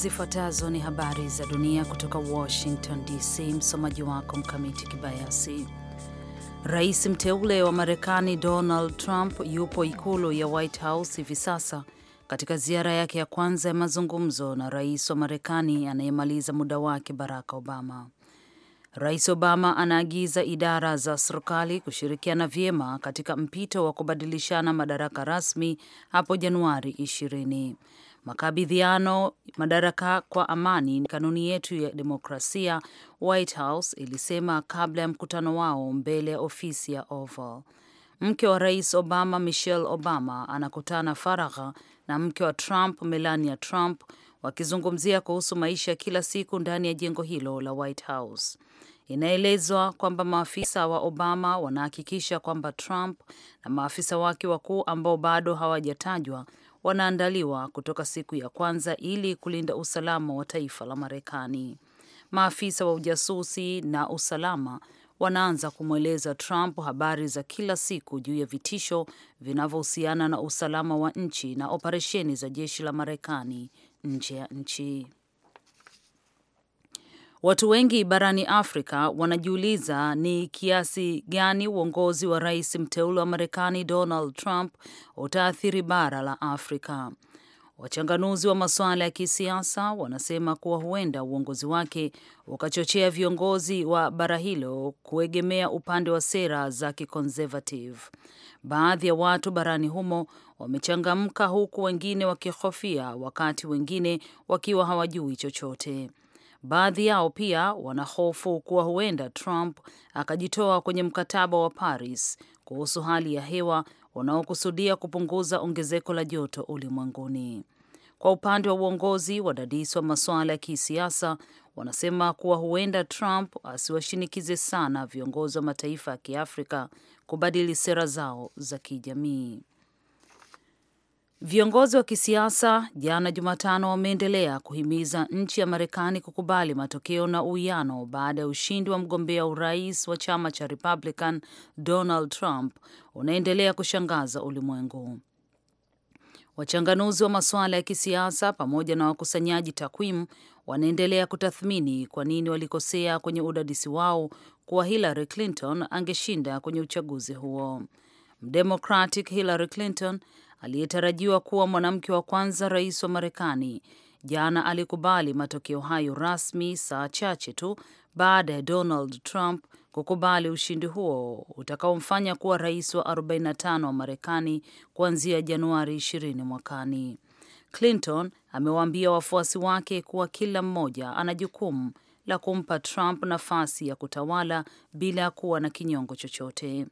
Zifuatazo ni habari za dunia kutoka Washington DC. Msomaji wako Mkamiti Kibayasi. Rais mteule wa Marekani Donald Trump yupo ikulu ya White House hivi sasa katika ziara yake ya kwanza ya mazungumzo na rais wa Marekani anayemaliza muda wake Barack Obama. Rais Obama anaagiza idara za serikali kushirikiana vyema katika mpito wa kubadilishana madaraka rasmi hapo Januari ishirini makabidhiano madaraka kwa amani ni kanuni yetu ya demokrasia, White House ilisema kabla ya mkutano wao mbele ya ofisi ya Oval. Mke wa rais Obama, Michelle Obama, anakutana faragha na mke wa Trump, Melania Trump, wakizungumzia kuhusu maisha ya kila siku ndani ya jengo hilo la White House. Inaelezwa kwamba maafisa wa Obama wanahakikisha kwamba Trump na maafisa wake wakuu ambao bado hawajatajwa wanaandaliwa kutoka siku ya kwanza ili kulinda usalama wa taifa la Marekani. Maafisa wa ujasusi na usalama wanaanza kumweleza Trump habari za kila siku juu ya vitisho vinavyohusiana na usalama wa nchi na operesheni za jeshi la Marekani nje ya nchi. Watu wengi barani Afrika wanajiuliza ni kiasi gani uongozi wa rais mteule wa Marekani Donald Trump utaathiri bara la Afrika. Wachanganuzi wa masuala ya kisiasa wanasema kuwa huenda uongozi wake ukachochea viongozi wa bara hilo kuegemea upande wa sera za kiconservative. Baadhi ya watu barani humo wamechangamka, huku wengine wakihofia, wakati wengine wakiwa hawajui chochote. Baadhi yao pia wanahofu kuwa huenda Trump akajitoa kwenye mkataba wa Paris kuhusu hali ya hewa unaokusudia kupunguza ongezeko la joto ulimwenguni. Kwa upande wa uongozi, wadadisi wa masuala ya kisiasa wanasema kuwa huenda Trump asiwashinikize sana viongozi wa mataifa ya Kiafrika kubadili sera zao za kijamii. Viongozi wa kisiasa jana Jumatano wameendelea kuhimiza nchi ya Marekani kukubali matokeo na uwiano baada ya ushindi wa mgombea urais wa chama cha Republican Donald Trump unaendelea kushangaza ulimwengu. Wachanganuzi wa masuala ya kisiasa pamoja na wakusanyaji takwimu wanaendelea kutathmini kwa nini walikosea kwenye udadisi wao kuwa Hillary Clinton angeshinda kwenye uchaguzi huo. Mdemocratic Hillary Clinton aliyetarajiwa kuwa mwanamke wa kwanza rais wa Marekani, jana alikubali matokeo hayo rasmi saa chache tu baada ya Donald Trump kukubali ushindi huo utakaomfanya kuwa rais wa 45 wa Marekani kuanzia Januari 20 mwakani. Clinton amewaambia wafuasi wake kuwa kila mmoja ana jukumu la kumpa Trump nafasi ya kutawala bila ya kuwa na kinyongo chochote.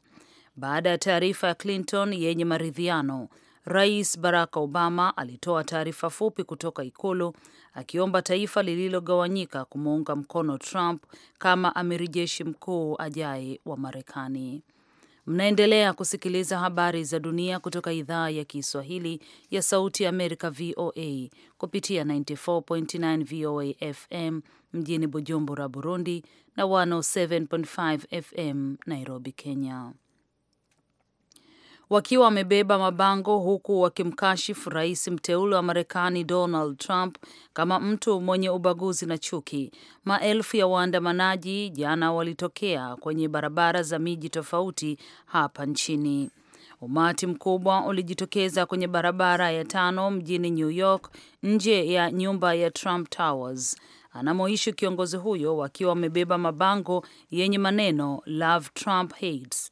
Baada ya taarifa ya Clinton yenye maridhiano Rais Barack Obama alitoa taarifa fupi kutoka Ikulu akiomba taifa lililogawanyika kumuunga mkono Trump kama amiri jeshi mkuu ajaye wa Marekani. Mnaendelea kusikiliza habari za dunia kutoka idhaa ya Kiswahili ya Sauti ya Amerika, VOA, kupitia 94.9 VOA FM mjini Bujumbura, Burundi, na 107.5 FM Nairobi, Kenya wakiwa wamebeba mabango huku wakimkashifu rais mteule wa Marekani Donald Trump kama mtu mwenye ubaguzi na chuki. Maelfu ya waandamanaji jana walitokea kwenye barabara za miji tofauti hapa nchini. Umati mkubwa ulijitokeza kwenye barabara ya tano mjini New York nje ya nyumba ya Trump Towers anamoishi kiongozi huyo, wakiwa wamebeba mabango yenye maneno Love Trump Hates.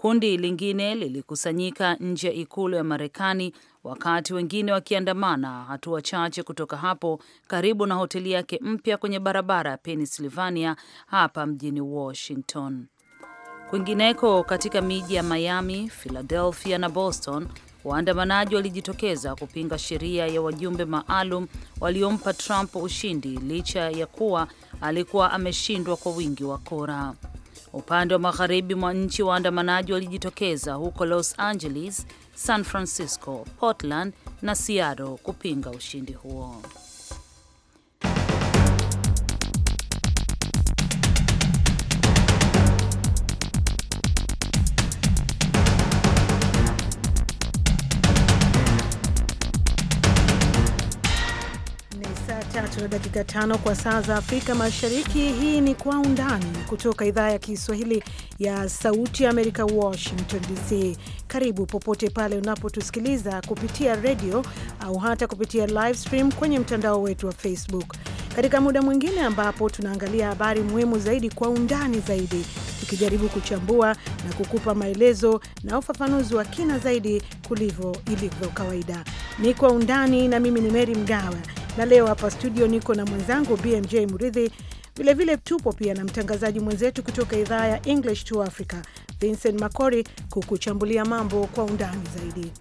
Kundi lingine lilikusanyika nje ya ikulu ya Marekani, wakati wengine wakiandamana hatua chache kutoka hapo, karibu na hoteli yake mpya kwenye barabara ya Pennsylvania hapa mjini Washington. Kwingineko katika miji ya Miami, Philadelphia na Boston, waandamanaji walijitokeza kupinga sheria ya wajumbe maalum waliompa Trump ushindi licha ya kuwa alikuwa ameshindwa kwa wingi wa kura. Upande wa magharibi mwa nchi, waandamanaji walijitokeza huko Los Angeles, San Francisco, Portland na Seattle kupinga ushindi huo. na dakika tano kwa saa za Afrika Mashariki. Hii ni Kwa Undani kutoka idhaa ya Kiswahili ya Sauti ya Amerika, Washington DC. Karibu popote pale unapotusikiliza kupitia redio au hata kupitia live stream kwenye mtandao wetu wa Facebook, katika muda mwingine ambapo tunaangalia habari muhimu zaidi kwa undani zaidi, tukijaribu kuchambua na kukupa maelezo na ufafanuzi wa kina zaidi kulivyo ilivyo kawaida. Ni Kwa Undani na mimi ni Meri Mgawa na leo hapa studio niko na mwenzangu BMJ mridhi Vilevile tupo pia na mtangazaji mwenzetu kutoka idhaa ya English to Africa Vincent Makori kukuchambulia mambo kwa undani zaidi.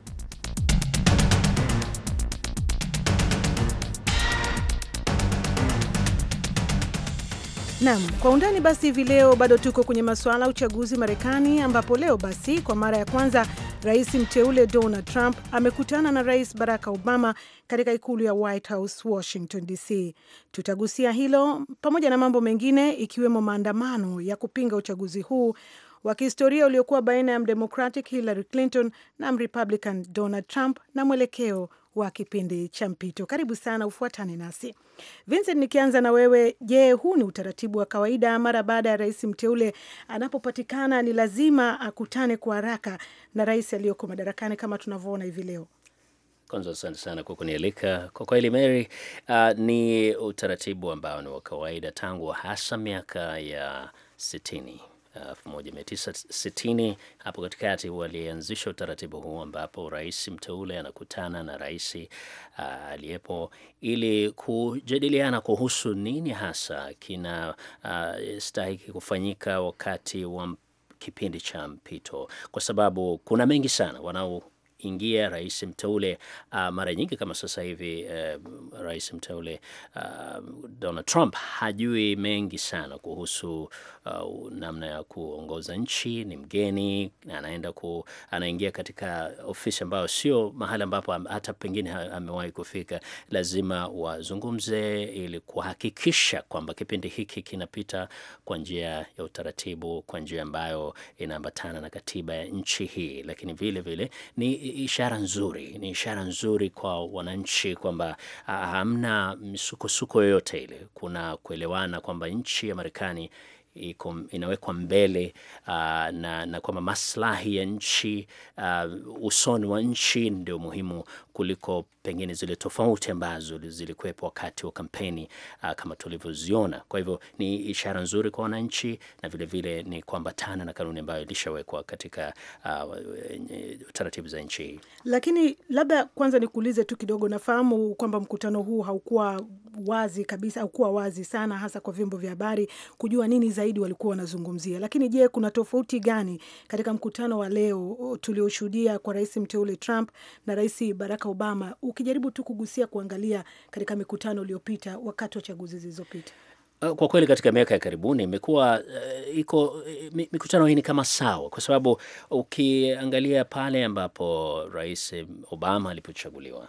nam kwa undani basi hivi leo bado tuko kwenye masuala ya uchaguzi Marekani, ambapo leo basi kwa mara ya kwanza Rais mteule Donald Trump amekutana na Rais Barack Obama katika ikulu ya White House, Washington DC. Tutagusia hilo pamoja na mambo mengine, ikiwemo maandamano ya kupinga uchaguzi huu wa kihistoria uliokuwa baina ya Mdemocratic Hillary Clinton na Mrepublican Donald Trump na mwelekeo wa kipindi cha mpito. Karibu sana, ufuatane nasi. Vincent, nikianza na wewe, je, huu ni utaratibu wa kawaida mara baada ya rais mteule anapopatikana ni lazima akutane kwa haraka na rais aliyoko madarakani kama tunavyoona hivi leo? Kwanza asante sana kwa kunialika. Kwa kweli Mary, uh, ni utaratibu ambao ni wa kawaida tangu hasa miaka ya sitini 1960 hapo katikati walianzisha utaratibu huu ambapo rais mteule anakutana na rais ah, aliyepo ili kujadiliana kuhusu nini hasa kina ah, stahiki kufanyika wakati wa kipindi cha mpito, kwa sababu kuna mengi sana wanao ingia rais mteule uh, mara nyingi kama sasa hivi uh, rais mteule uh, Donald Trump hajui mengi sana kuhusu uh, namna ya kuongoza nchi. Ni mgeni, anaenda ku, anaingia katika ofisi ambayo sio mahali ambapo hata pengine amewahi kufika. Lazima wazungumze ili kuhakikisha kwamba kipindi hiki kinapita kwa njia ya utaratibu, kwa njia ambayo inaambatana na katiba ya nchi hii, lakini vile vile ni ishara nzuri, ni ishara nzuri kwa wananchi kwamba hamna misukosuko yoyote ile, kuna kuelewana kwamba nchi ya Marekani iko, inawekwa mbele uh, na, na kwamba maslahi ya nchi uh, usoni wa nchi ndio muhimu kuliko pengine zile tofauti ambazo zilikuwepo wakati wa kampeni uh, kama tulivyoziona. Kwa hivyo ni ishara nzuri kwa wananchi na vilevile vile ni kuambatana na kanuni ambayo ilishawekwa katika uh, taratibu za nchi hii. Lakini labda kwanza nikuulize tu kidogo, nafahamu kwamba mkutano huu haukuwa wazi kabisa, haukuwa wazi sana hasa kwa vyombo vya habari kujua nini zaidi walikuwa wanazungumzia. Lakini je, kuna tofauti gani katika mkutano wa leo tulioshuhudia kwa rais mteule Trump na rais Barack Obama, ukijaribu tu kugusia kuangalia katika mikutano iliyopita wakati wa chaguzi zilizopita? Uh, kwa kweli katika miaka ya karibuni imekuwa uh, iko uh, mikutano hii ni kama sawa, kwa sababu ukiangalia pale ambapo rais Obama alipochaguliwa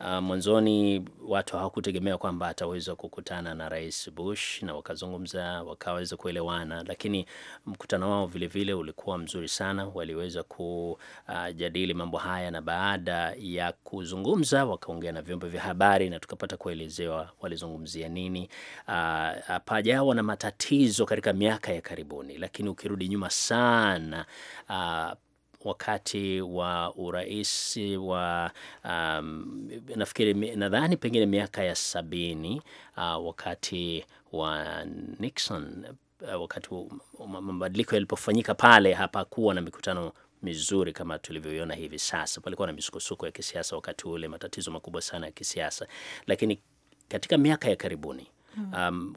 Uh, mwanzoni watu hawakutegemea kwamba ataweza kukutana na Rais Bush na wakazungumza, wakaweza kuelewana, lakini mkutano wao vile vile ulikuwa mzuri sana. Waliweza kujadili mambo haya na baada ya kuzungumza wakaongea na vyombo vya habari na tukapata kuelezewa walizungumzia nini. Uh, ah, pajawa na matatizo katika miaka ya karibuni, lakini ukirudi nyuma sana uh, wakati wa urais wa um, nafikiri nadhani pengine miaka ya sabini uh, wakati wa Nixon uh, wakati mabadiliko yalipofanyika pale, hapakuwa na mikutano mizuri kama tulivyoiona hivi sasa. Palikuwa na misukosuko ya kisiasa wakati ule, matatizo makubwa sana ya kisiasa, lakini katika miaka ya karibuni Mm. Um,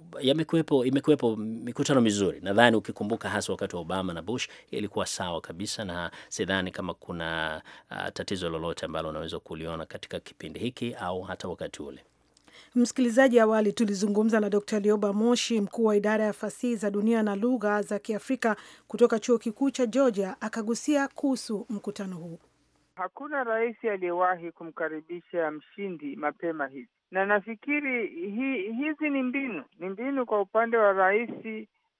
imekuwepo mikutano mizuri, nadhani ukikumbuka, hasa wakati wa Obama na Bush ilikuwa sawa kabisa, na sidhani kama kuna uh, tatizo lolote ambalo unaweza kuliona katika kipindi hiki au hata wakati ule. Msikilizaji, awali tulizungumza na Dr Lioba Moshi, mkuu wa idara ya fasihi za dunia na lugha za Kiafrika kutoka chuo kikuu cha Georgia, akagusia kuhusu mkutano huu. Hakuna rais aliyewahi kumkaribisha mshindi mapema hivi na nafikiri hi, hizi ni mbinu ni mbinu kwa upande wa Rais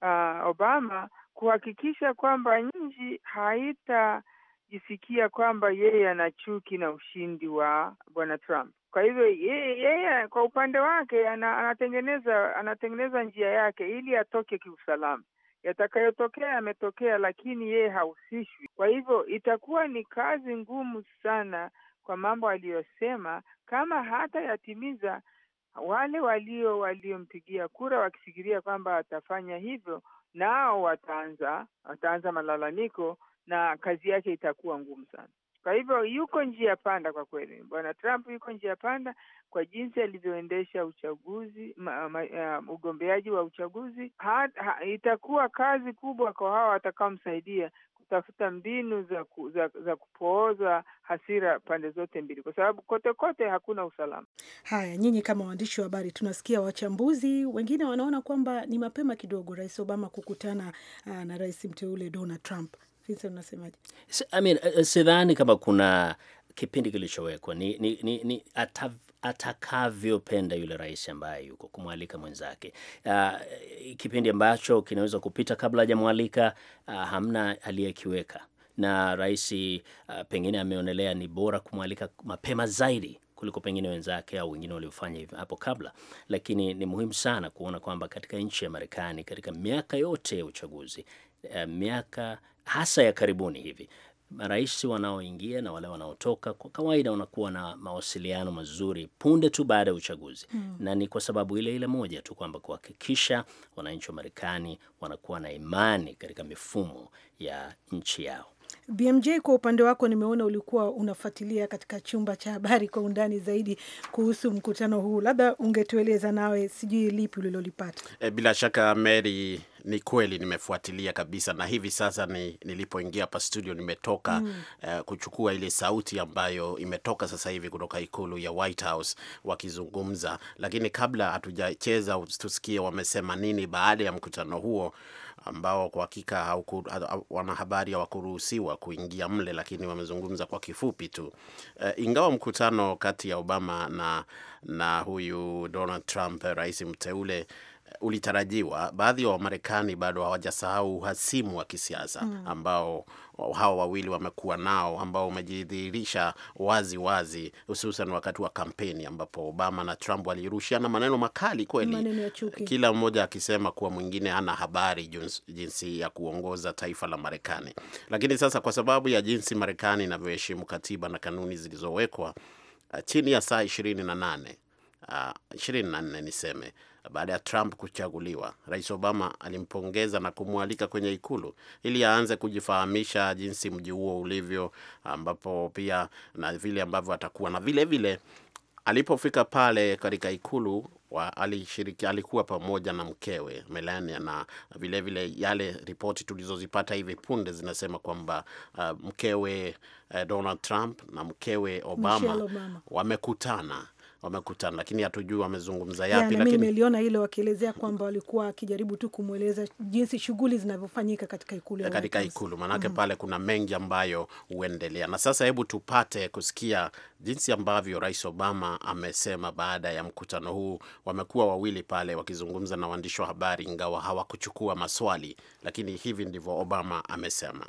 uh, Obama kuhakikisha kwamba nchi haitajisikia kwamba yeye ana chuki na ushindi wa bwana Trump. Kwa hivyo yeye, yeye kwa upande wake anatengeneza anatengeneza njia yake ili atoke kiusalama. Yatakayotokea yametokea, lakini yeye hahusishwi. Kwa hivyo itakuwa ni kazi ngumu sana kwa mambo aliyosema, kama hata yatimiza wale walio waliompigia kura wakifikiria kwamba watafanya hivyo, nao wataanza wataanza malalamiko na kazi yake itakuwa ngumu sana. Kwa hivyo yuko njia panda kwa kweli, bwana Trump yuko njia panda kwa jinsi alivyoendesha uchaguzi ma, ma, uh, ugombeaji wa uchaguzi ha, ha, itakuwa kazi kubwa kwa hawa watakaomsaidia kutafuta mbinu za, ku, za, za kupooza hasira pande zote mbili, kwa sababu kote kote hakuna usalama. Haya, nyinyi kama waandishi wa habari, tunasikia wachambuzi wengine wanaona kwamba ni mapema kidogo Rais Obama kukutana uh, na rais mteule Donald Trump. Vincent, unasemaje? I mean, eh, eh, sidhani kama kuna kipindi kilichowekwa ni, ni, ni, ni atakavyopenda yule rais ambaye yuko kumwalika mwenzake. Uh, kipindi ambacho kinaweza kupita kabla hajamwalika uh, hamna aliyekiweka na rais uh, pengine ameonelea ni bora kumwalika mapema zaidi kuliko pengine wenzake au wengine waliofanya hivyo hapo kabla. Lakini ni muhimu sana kuona kwamba katika nchi ya Marekani katika miaka yote ya uchaguzi uh, miaka hasa ya karibuni hivi marais wanaoingia na wale wanaotoka kwa kawaida wanakuwa na mawasiliano mazuri punde tu baada ya uchaguzi mm. Na ni kwa sababu ile ile moja tu kwamba kuhakikisha wananchi wa Marekani wanakuwa na imani katika mifumo ya nchi yao. BMJ, kwa upande wako nimeona ulikuwa unafuatilia katika chumba cha habari kwa undani zaidi kuhusu mkutano huu, labda ungetueleza nawe, sijui lipi ulilolipata? E, bila shaka Mary ni kweli nimefuatilia kabisa, na hivi sasa ni, nilipoingia hapa studio nimetoka mm. uh, kuchukua ile sauti ambayo imetoka sasa hivi kutoka ikulu ya White House wakizungumza, lakini kabla hatujacheza tusikie wamesema nini baada ya mkutano huo ambao kwa hakika wanahabari hawakuruhusiwa kuingia mle, lakini wamezungumza kwa kifupi tu e, ingawa mkutano kati ya Obama na, na huyu Donald Trump eh, rais mteule ulitarajiwa, baadhi ya wa Wamarekani bado hawajasahau uhasimu wa kisiasa hmm. ambao hawa wawili wamekuwa nao, ambao umejidhihirisha wazi wazi, hususan wakati wa kampeni ambapo Obama na Trump walirushiana maneno makali kweli, kila mmoja akisema kuwa mwingine hana habari jinsi ya kuongoza taifa la Marekani. Lakini sasa kwa sababu ya jinsi Marekani inavyoheshimu katiba na kanuni zilizowekwa, chini ya saa ishirini na nane ah, ishirini na nne niseme baada ya Trump kuchaguliwa, Rais Obama alimpongeza na kumwalika kwenye ikulu ili aanze kujifahamisha jinsi mji huo ulivyo, ambapo pia na vile ambavyo atakuwa na vile vile alipofika pale katika ikulu wa, alishiriki, alikuwa pamoja na mkewe Melania na vilevile vile yale ripoti tulizozipata hivi punde zinasema kwamba uh, mkewe uh, Donald Trump na mkewe Obama, Obama wamekutana wamekutana, lakini hatujui wamezungumza yapi. lakini... nimeliona hilo wakielezea kwamba walikuwa akijaribu tu kumweleza jinsi shughuli zinavyofanyika katika ikulu, katika ikulu maanake mm -hmm. pale kuna mengi ambayo huendelea. Na sasa hebu tupate kusikia jinsi ambavyo Rais Obama amesema baada ya mkutano huu. Wamekuwa wawili pale wakizungumza na waandishi wa habari, ingawa hawakuchukua maswali, lakini hivi ndivyo Obama amesema.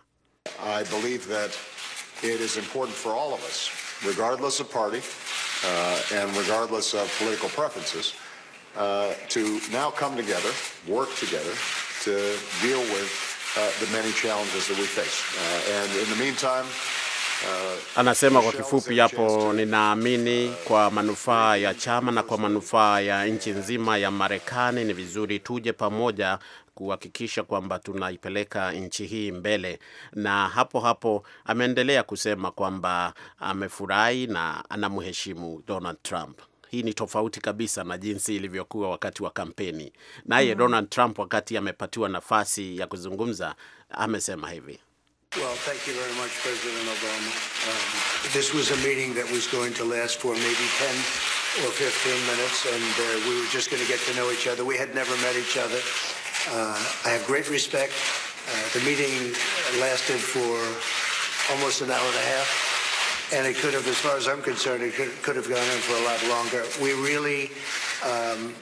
I believe that it is important for all of us regardless of party uh, and regardless of political preferences, uh, to now come together, work together to deal with uh, the many challenges that we face. Uh, And in the meantime, uh, Anasema kwa kifupi hapo, ninaamini kwa manufaa ya chama na kwa manufaa ya nchi nzima ya Marekani ni vizuri tuje pamoja kuhakikisha kwamba tunaipeleka nchi hii mbele. Na hapo hapo ameendelea kusema kwamba amefurahi na anamheshimu Donald Trump. Hii ni tofauti kabisa na jinsi ilivyokuwa wakati wa kampeni naye. mm -hmm. Donald Trump wakati amepatiwa nafasi ya kuzungumza amesema hivi Well, thank you very much, or 15 minutes, and uh, we were just going to get to know each other. We had never met each other. Uh, I have great respect. Uh, the meeting lasted for almost an hour and a half, and it could have, as far as I'm concerned, it could, could have gone on for a lot longer. We really um,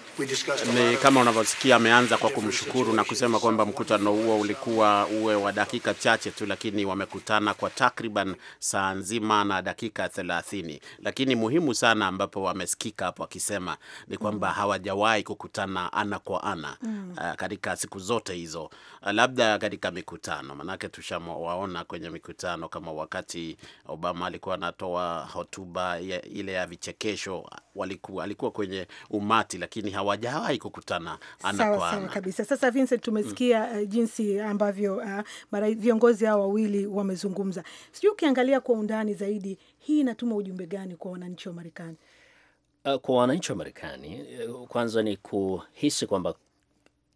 Ni kama unavyosikia ameanza kwa kumshukuru na kusema kwamba mkutano huo ulikuwa uwe wa dakika chache tu, lakini wamekutana kwa takriban saa nzima na dakika thelathini. Lakini muhimu sana ambapo wamesikika hapo akisema ni kwamba mm. hawajawahi kukutana ana kwa ana mm, uh, katika siku zote hizo, uh, labda katika mikutano, manake tushawaona kwenye mikutano kama wakati Obama alikuwa anatoa hotuba ile ya vichekesho, walikuwa alikuwa kwenye umati lakini hawajawahi kukutana ana kwa kabisa. Sasa Vincent, tumesikia mm. Eh, jinsi ambavyo uh, eh, mara viongozi hao wawili wamezungumza. Sijui ukiangalia kwa undani zaidi, hii inatuma ujumbe gani kwa wananchi wa Marekani? Uh, kwa wananchi wa Marekani kwanza ni kuhisi kwamba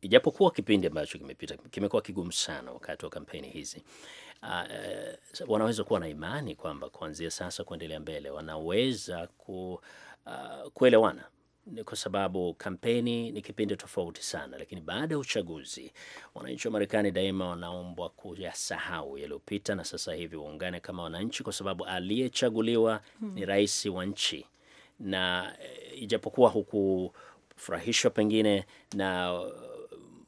ijapokuwa kipindi ambacho kimepita kimekuwa kigumu sana wakati wa kampeni hizi, uh, wanaweza kuwa na imani kwamba kuanzia sasa kuendelea mbele wanaweza ku, uh, kuelewana kwa sababu kampeni ni kipindi tofauti sana, lakini baada ya uchaguzi wananchi wa Marekani daima wanaombwa kuyasahau yaliyopita, na sasa hivi waungane kama wananchi, kwa sababu aliyechaguliwa hmm, ni rais wa nchi, na eh, ijapokuwa hukufurahishwa pengine na eh,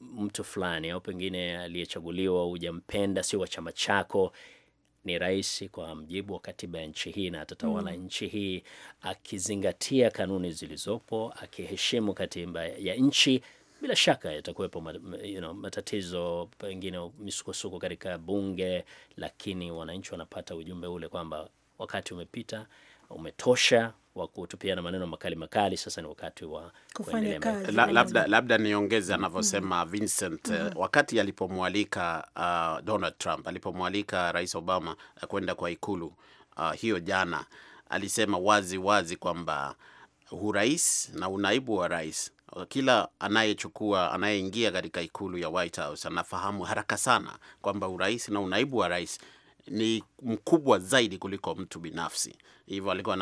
mtu fulani au pengine aliyechaguliwa hujampenda, sio wa chama chako ni rais kwa mjibu wa katiba ya nchi hii na atatawala mm. nchi hii akizingatia kanuni zilizopo, akiheshimu katiba ya nchi. Bila shaka yatakuwepo you know, matatizo pengine misukosuko katika bunge, lakini wananchi wanapata ujumbe ule kwamba wakati umepita, umetosha wa kutupiana maneno makali makali. Sasa ni wakati wa kufanya kazi. La, labda, labda niongeze anavyosema mm -hmm. Vincent mm -hmm. wakati alipomwalika uh, Donald Trump alipomwalika Rais Obama eh, kwenda kwa ikulu uh, hiyo jana alisema wazi wazi kwamba urais na unaibu wa rais kila anayechukua anayeingia katika ikulu ya White House anafahamu haraka sana kwamba urais na unaibu wa rais ni mkubwa zaidi kuliko mtu binafsi. Hivyo alikuwa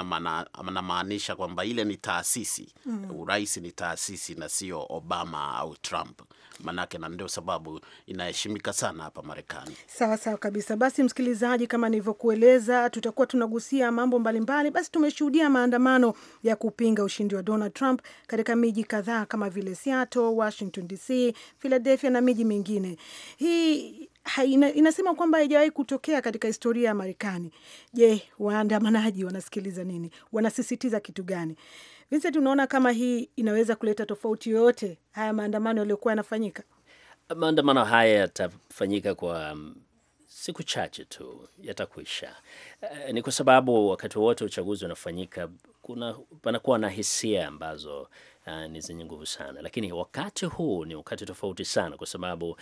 anamaanisha kwamba ile ni taasisi mm. Urais ni taasisi na sio Obama au Trump, manake, na ndio sababu inaheshimika sana hapa Marekani. Sawa sawa kabisa. Basi msikilizaji, kama nilivyokueleza, tutakuwa tunagusia mambo mbalimbali. Basi tumeshuhudia maandamano ya kupinga ushindi wa Donald Trump katika miji kadhaa kama vile Seattle, Washington DC, Philadelphia na miji mingine hii haina, inasema kwamba haijawahi kutokea katika historia ya Marekani. Je, waandamanaji wanasikiliza nini? Wanasisitiza kitu gani? Vincent, unaona kama hii inaweza kuleta tofauti yoyote, haya maandamano yaliyokuwa yanafanyika? Maandamano haya yatafanyika kwa mm, siku chache tu yatakuisha. Uh, eh, ni kwa sababu wakati wote uchaguzi unafanyika kuna panakuwa na hisia ambazo uh, ni zenye nguvu sana, lakini wakati huu ni wakati tofauti sana, kwa sababu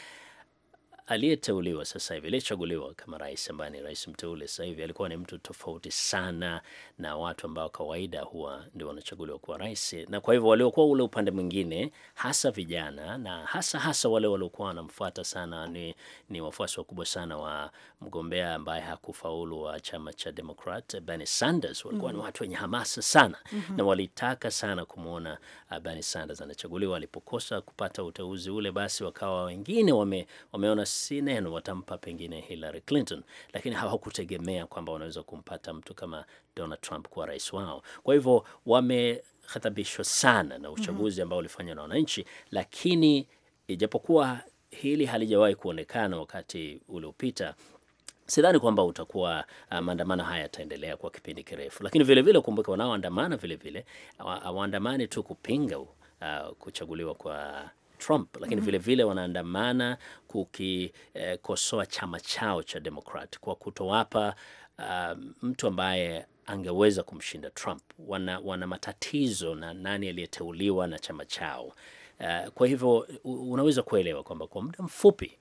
aliyeteuliwa sasa hivi aliyechaguliwa kama rais ambaye ni rais mteule sasa hivi alikuwa ni mtu tofauti sana na watu ambao kawaida huwa ndio wanachaguliwa kuwa rais, na kwa hivyo waliokuwa ule upande mwingine, hasa vijana na hasa hasa wale waliokuwa wanamfuata sana, ni, ni wafuasi wakubwa sana wa mgombea ambaye hakufaulu wa chama cha Democrat Bernie Sanders, walikuwa mm -hmm. ni watu wenye hamasa sana mm -hmm. na walitaka sana kumwona uh, Bernie Sanders anachaguliwa. Alipokosa kupata uteuzi ule, basi wakawa wengine wame, wameona si neno watampa pengine Hillary Clinton, lakini hawakutegemea kwamba wanaweza kumpata mtu kama Donald Trump kuwa rais wao. Kwa hivyo wamehadhabishwa sana na uchaguzi ambao ulifanywa na wananchi, lakini ijapokuwa hili halijawahi kuonekana wakati uliopita sidhani kwamba utakuwa uh, maandamano haya yataendelea kwa kipindi kirefu, lakini vilevile ukumbuke wanaoandamana vilevile hawaandamani tu kupinga uh, kuchaguliwa kwa Trump, lakini mm -hmm. vilevile wanaandamana kukikosoa eh, chama chao cha Democrat kwa kutowapa uh, mtu ambaye angeweza kumshinda Trump. Wana, wana matatizo na nani aliyeteuliwa na chama chao. Uh, kwa hivyo unaweza kuelewa kwamba kwa muda mfupi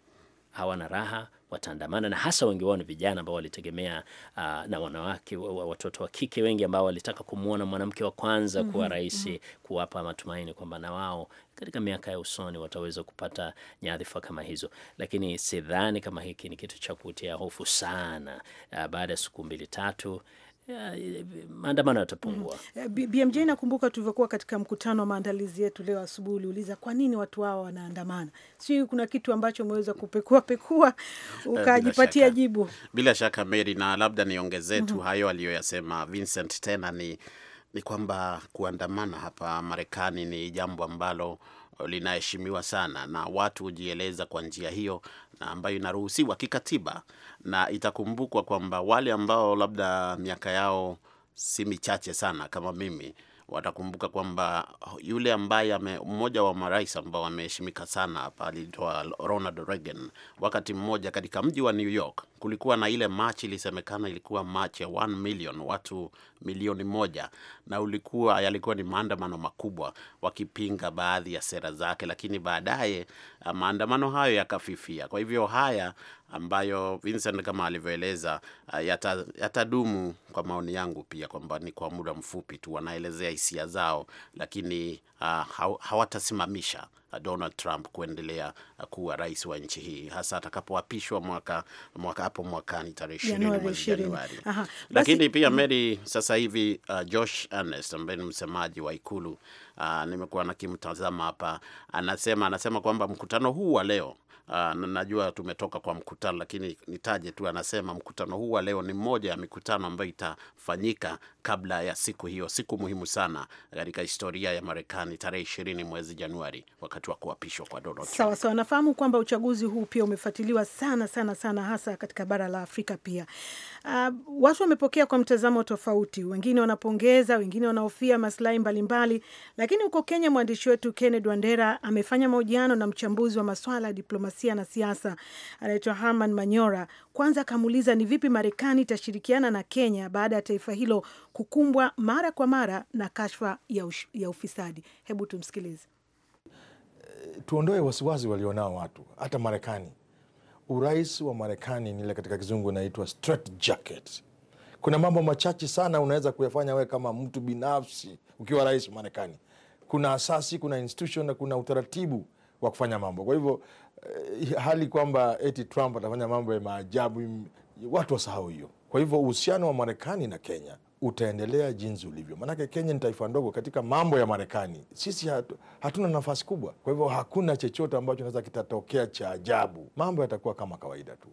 hawana raha, wataandamana na hasa wengi wao ni vijana ambao walitegemea uh, na wanawake, watoto wa kike wengi ambao walitaka kumwona mwanamke wa kwanza kuwa mm-hmm. rais, mm-hmm. kuwapa matumaini kwamba na wao katika miaka ya usoni wataweza kupata nyadhifa kama hizo, lakini sidhani kama hiki ni kitu cha kutia hofu sana. Ah, baada ya siku mbili tatu maandamano yatapungua. Mm-hmm. Eh, BMJ, nakumbuka tulivyokuwa katika mkutano wa maandalizi yetu leo asubuhi, uliuliza kwa nini watu hawa wanaandamana. Sijui kuna kitu ambacho umeweza kupekua pekua eh, ukajipatia jibu. Bila shaka Mary, na labda niongezee tu mm -hmm. hayo aliyoyasema Vincent tena ni ni kwamba kuandamana hapa Marekani ni jambo ambalo linaheshimiwa sana na watu hujieleza kwa njia hiyo na ambayo inaruhusiwa kikatiba, na itakumbukwa kwamba wale ambao labda miaka yao si michache sana kama mimi watakumbuka kwamba yule ambaye mmoja wa marais ambao ameheshimika sana hapa aliitwa Ronald Reagan. Wakati mmoja katika mji wa New York kulikuwa na ile machi, ilisemekana ilikuwa machi ya 1 million, watu milioni moja, na ulikuwa yalikuwa ni maandamano makubwa wakipinga baadhi ya sera zake, lakini baadaye maandamano hayo yakafifia. Kwa hivyo haya ambayo Vincent kama alivyoeleza uh, yatadumu yata, kwa maoni yangu pia kwamba ni kwa muda mfupi tu, wanaelezea hisia zao, lakini uh, hawatasimamisha uh, Donald Trump kuendelea uh, kuwa rais wa nchi hii hasa atakapoapishwa mwaka mwaka hapo mwakani tarehe ishirini mwezi Januari. Lakini pia mm. Mary, sasa hivi uh, Josh Ernest ambaye ni msemaji wa Ikulu uh, nimekuwa nakimtazama hapa, anasema anasema kwamba mkutano huu wa leo Ah, na najua tumetoka kwa mkutano, lakini nitaje tu, anasema mkutano huu wa leo ni mmoja ya mikutano ambayo itafanyika kabla ya siku hiyo, siku muhimu sana katika historia ya Marekani, tarehe ishirini mwezi Januari, wakati wa kuapishwa kwa Donald Trump. Sawa sawa, nafahamu kwamba uchaguzi huu pia umefuatiliwa sana sana sana, hasa katika bara la Afrika pia. Uh, watu wamepokea kwa mtazamo tofauti, wengine wanapongeza, wengine wanahofia masilahi mbalimbali. Lakini huko Kenya, mwandishi wetu Kenneth Wandera amefanya mahojiano na mchambuzi wa maswala ya diplomasia na siasa anaitwa Herman Manyora. Kwanza akamuuliza ni vipi Marekani itashirikiana na Kenya baada ya taifa hilo kukumbwa mara kwa mara na kashfa ya, ya ufisadi. Hebu tumsikilize. Tuondoe wasiwasi walionao watu, hata Marekani. Urais wa Marekani ni ile katika kizungu inaitwa Kuna mambo machache sana unaweza kuyafanya wewe kama mtu binafsi ukiwa rais wa Marekani. Kuna asasi, kuna institution na kuna utaratibu wa kufanya mambo. Kwa hivyo eh, hali kwamba eti Trump atafanya mambo ya maajabu, watu wasahau hiyo. Kwa hivyo uhusiano wa Marekani na Kenya utaendelea jinsi ulivyo, maanake Kenya ni taifa ndogo katika mambo ya Marekani. Sisi hatu, hatuna nafasi kubwa, kwa hivyo hakuna chochote ambacho naweza kitatokea cha ajabu. Mambo yatakuwa kama kawaida tu,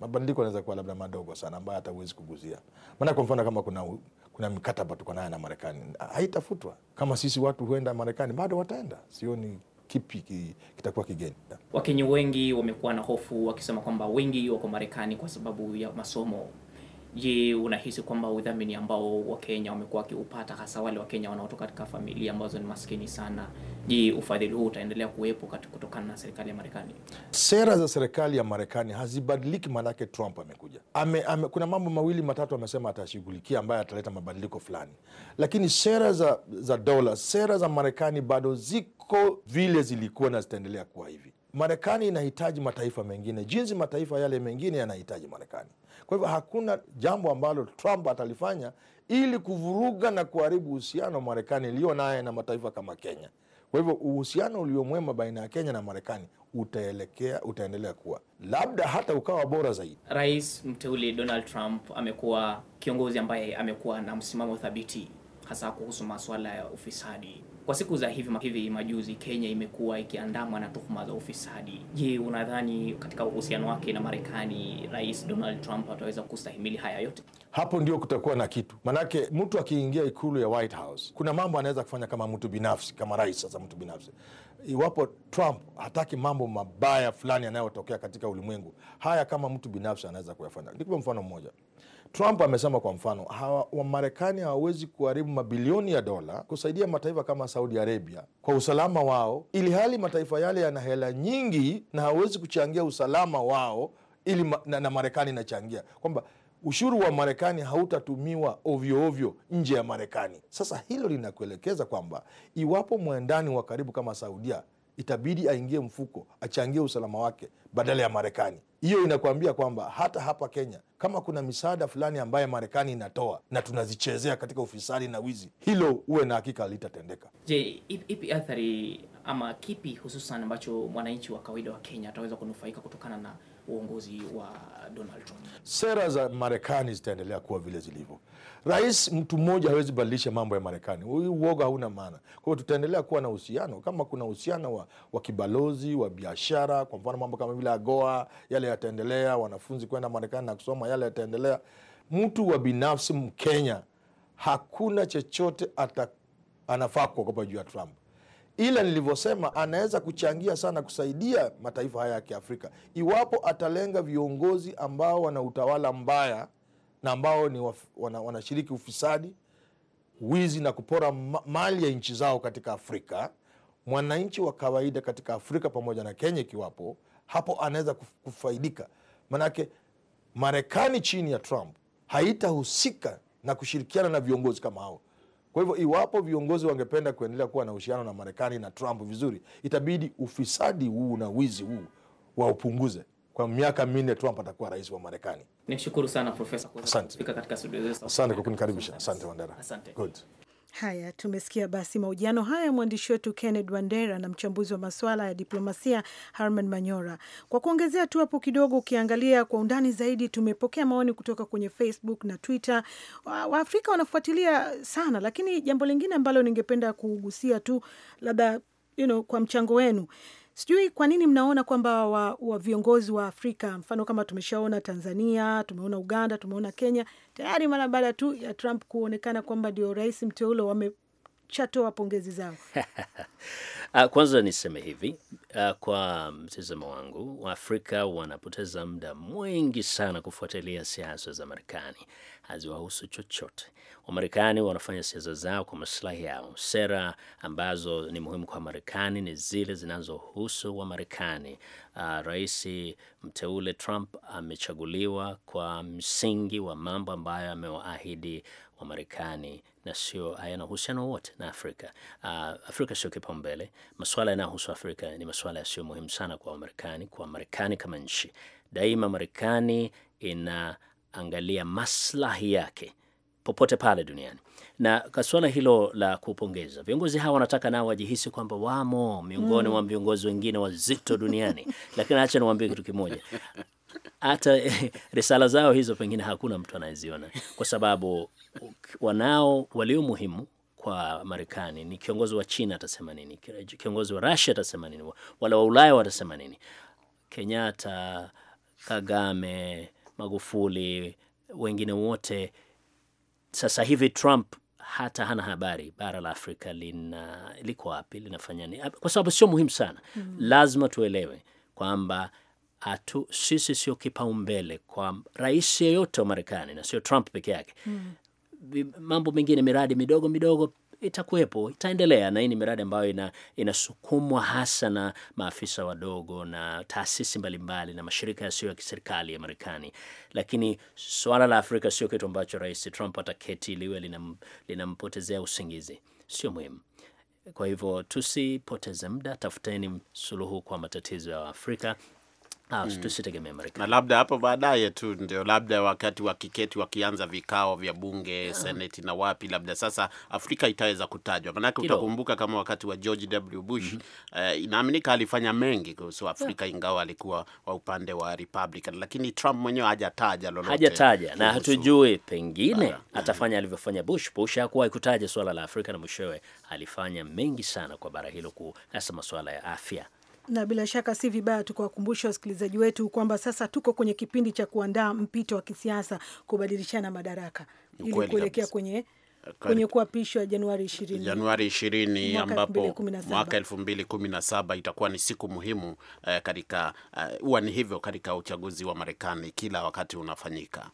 mabadiliko yanaweza kuwa labda madogo sana ambayo hata huwezi kuguzia. Maanake kwa mfano kama kuna, kuna mikataba tuko nayo na Marekani haitafutwa. Kama sisi watu huenda Marekani bado wataenda, sioni kipi kitakuwa kigeni. Wakenya wengi wamekuwa na hofu wakisema kwamba wengi wako Marekani kwa sababu ya masomo Je, unahisi kwamba udhamini ambao Wakenya wamekuwa wakiupata hasa wale Wakenya wanaotoka katika familia ambazo ni maskini sana, je, ufadhili huu utaendelea kuwepo kutokana na serikali ya Marekani? Sera za serikali ya Marekani hazibadiliki, maanake Trump amekuja ame, ame, kuna mambo mawili matatu amesema atashughulikia ambayo ataleta mabadiliko fulani, lakini sera za, za dola, sera za Marekani bado ziko vile zilikuwa na zitaendelea kuwa hivi. Marekani inahitaji mataifa mengine jinsi mataifa yale mengine yanahitaji Marekani. Kwa hivyo hakuna jambo ambalo Trump atalifanya ili kuvuruga na kuharibu uhusiano wa Marekani iliyo naye na mataifa kama Kenya. Kwa hivyo uhusiano uliomwema baina ya Kenya na Marekani utaelekea utaendelea kuwa labda hata ukawa bora zaidi. Rais mteule Donald Trump amekuwa kiongozi ambaye amekuwa na msimamo thabiti hasa kuhusu masuala ya ufisadi kwa siku za hivi hivi majuzi, Kenya imekuwa ikiandamwa na tuhuma za ufisadi. Je, unadhani katika uhusiano wake na Marekani, Rais Donald Trump ataweza kustahimili haya yote? Hapo ndio kutakuwa na kitu, manake mtu akiingia ikulu ya White House kuna mambo anaweza kufanya kama mtu binafsi, kama rais. Sasa mtu binafsi iwapo Trump hataki mambo mabaya fulani yanayotokea katika ulimwengu, haya kama mtu binafsi anaweza kuyafanya. Nikupe mfano mmoja. Trump amesema kwa mfano hawa, Wamarekani hawawezi kuharibu mabilioni ya dola kusaidia mataifa kama Saudi Arabia kwa usalama wao, ili hali mataifa yale yana hela nyingi na hawawezi kuchangia usalama wao ili ma, na, na Marekani inachangia kwamba ushuru wa Marekani hautatumiwa ovyo ovyo nje ya Marekani. Sasa hilo linakuelekeza kwamba iwapo mwendani wa karibu kama Saudia itabidi aingie mfuko achangie usalama wake badala ya Marekani. Hiyo inakuambia kwamba hata hapa Kenya kama kuna misaada fulani ambaye Marekani inatoa na tunazichezea katika ufisadi na wizi, hilo huwe na hakika litatendeka. Je, ipi athari ama kipi hususan ambacho mwananchi wa kawaida wa Kenya ataweza kunufaika kutokana na uongozi wa Donald Trump. Sera za Marekani zitaendelea kuwa vile zilivyo. Rais mtu mmoja hawezi badilisha mambo ya Marekani, huyu uoga hauna maana. Kwa hiyo tutaendelea kuwa na uhusiano kama kuna uhusiano wa, wa kibalozi wa biashara, kwa mfano mambo kama vile AGOA yale yataendelea, wanafunzi kwenda Marekani na kusoma yale yataendelea. Mtu wa binafsi Mkenya hakuna chochote ata anafaa kuogopa juu ya Trump ila nilivyosema, anaweza kuchangia sana kusaidia mataifa haya ya Kiafrika iwapo atalenga viongozi ambao wana utawala mbaya na ambao ni waf, wana, wanashiriki ufisadi, wizi na kupora mali ya nchi zao katika Afrika. Mwananchi wa kawaida katika Afrika pamoja na Kenya, ikiwapo hapo, anaweza kufaidika, manake Marekani chini ya Trump haitahusika na kushirikiana na viongozi kama hao. Kwa hivyo iwapo viongozi wangependa kuendelea kuwa na uhusiano na Marekani na Trump vizuri, itabidi ufisadi huu na wizi huu waupunguze. Kwa miaka minne Trump atakuwa rais wa Marekani. Nikushukuru sana Profesa, asante kwa kunikaribisha. Asante Wandera, asante. Good. Haya, tumesikia basi mahojiano haya mwandishi wetu Kenneth Wandera na mchambuzi wa masuala ya diplomasia Herman Manyora. Kwa kuongezea tu hapo kidogo, ukiangalia kwa undani zaidi, tumepokea maoni kutoka kwenye Facebook na Twitter. Waafrika wanafuatilia sana, lakini jambo lingine ambalo ningependa kugusia tu labda you know, kwa mchango wenu Sijui kwa nini mnaona kwamba wa, wa viongozi wa Afrika, mfano kama tumeshaona Tanzania, tumeona Uganda, tumeona Kenya, tayari mara baada tu ya Trump kuonekana kwamba ndio rais mteule wameshatoa pongezi zao Ah, kwanza niseme hivi, ah, kwa mtizamo wangu, Waafrika wanapoteza muda mwingi sana kufuatilia siasa za Marekani, haziwahusu chochote. Wamarekani wanafanya siasa zao kwa maslahi yao. Sera ambazo ni muhimu kwa Marekani ni zile zinazohusu Wamarekani. Ah, rais mteule Trump amechaguliwa kwa msingi wa mambo ambayo amewaahidi Wamarekani na sio hayana uhusiano wote na Afrika. Uh, Afrika sio kipaumbele masuala yanayohusu Afrika ni masuala yasiyo muhimu sana kwa Wamarekani, kwa Marekani kama nchi. Daima Marekani inaangalia maslahi yake popote pale duniani, na kwa suala hilo la kupongeza viongozi hawa, wanataka nao wajihisi kwamba wamo miongoni mwa mm. viongozi wengine wazito duniani lakini acha niwaambie kitu kimoja hata risala zao hizo pengine hakuna mtu anayeziona kwa sababu wanao walio muhimu kwa Marekani, ni kiongozi wa China atasema nini, kiongozi wa Russia atasema nini, wala wa Ulaya watasema nini? Kenyatta, Kagame, Magufuli, wengine wote. Sasa hivi Trump hata hana habari bara la Afrika lina liko wapi, linafanya nini, kwa sababu sio muhimu sana. mm -hmm. Lazima tuelewe kwamba hatu sisi sio kipaumbele kwa rais yeyote wa Marekani na sio Trump peke yake. mm -hmm mambo mengine, miradi midogo midogo itakuwepo itaendelea, na hii ni miradi ambayo ina, inasukumwa hasa na maafisa wadogo na taasisi mbalimbali na mashirika yasiyo ya kiserikali ya Marekani. Lakini swala la Afrika sio kitu ambacho Rais Trump ataketi liwe linampotezea linampotezea usingizi, sio muhimu. Kwa hivyo tusipoteze muda, tafuteni suluhu kwa matatizo ya Afrika. Ah, mm. na labda hapo baadaye tu ndio, labda wakati wa kiketi wakianza vikao vya bunge yeah, seneti na wapi, labda sasa Afrika itaweza kutajwa, maanake utakumbuka kama wakati wa George W. Bush mm -hmm. uh, inaaminika alifanya mengi kuhusu Afrika yeah, ingawa alikuwa wa upande wa Republican, lakini Trump mwenyewe hajataja lolote, hajataja na hatujui, pengine Bara. Ah. atafanya alivyofanya Bush. Bush hakuwahi kutaja swala la Afrika na mwishowe alifanya mengi sana kwa bara hilo, hasa masuala ya afya na bila shaka si vibaya tukawakumbusha wasikilizaji wetu kwamba sasa tuko kwenye kipindi cha kuandaa mpito wa kisiasa, kubadilishana madaraka ili kuelekea kwenye kwenye kuapishwa Januari ishirini Januari ishirini ambapo kumi na saba itakuwa ni siku muhimu uh, katika eh, huwa uh, ni hivyo katika uchaguzi wa Marekani kila wakati unafanyika.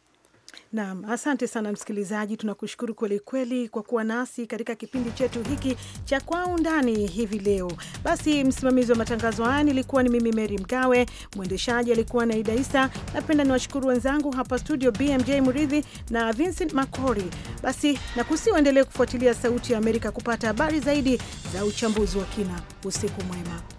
Naam, asante sana msikilizaji, tunakushukuru kweli kweli kwa kuwa nasi katika kipindi chetu hiki cha Kwa Undani hivi leo. Basi, msimamizi wa matangazo haya nilikuwa ni mimi Meri Mgawe, mwendeshaji alikuwa na Aida Isa. Napenda niwashukuru wenzangu hapa studio, BMJ mridhi na Vincent Macori. Basi na kusi uendelee kufuatilia Sauti ya Amerika kupata habari zaidi za uchambuzi wa kina. Usiku mwema.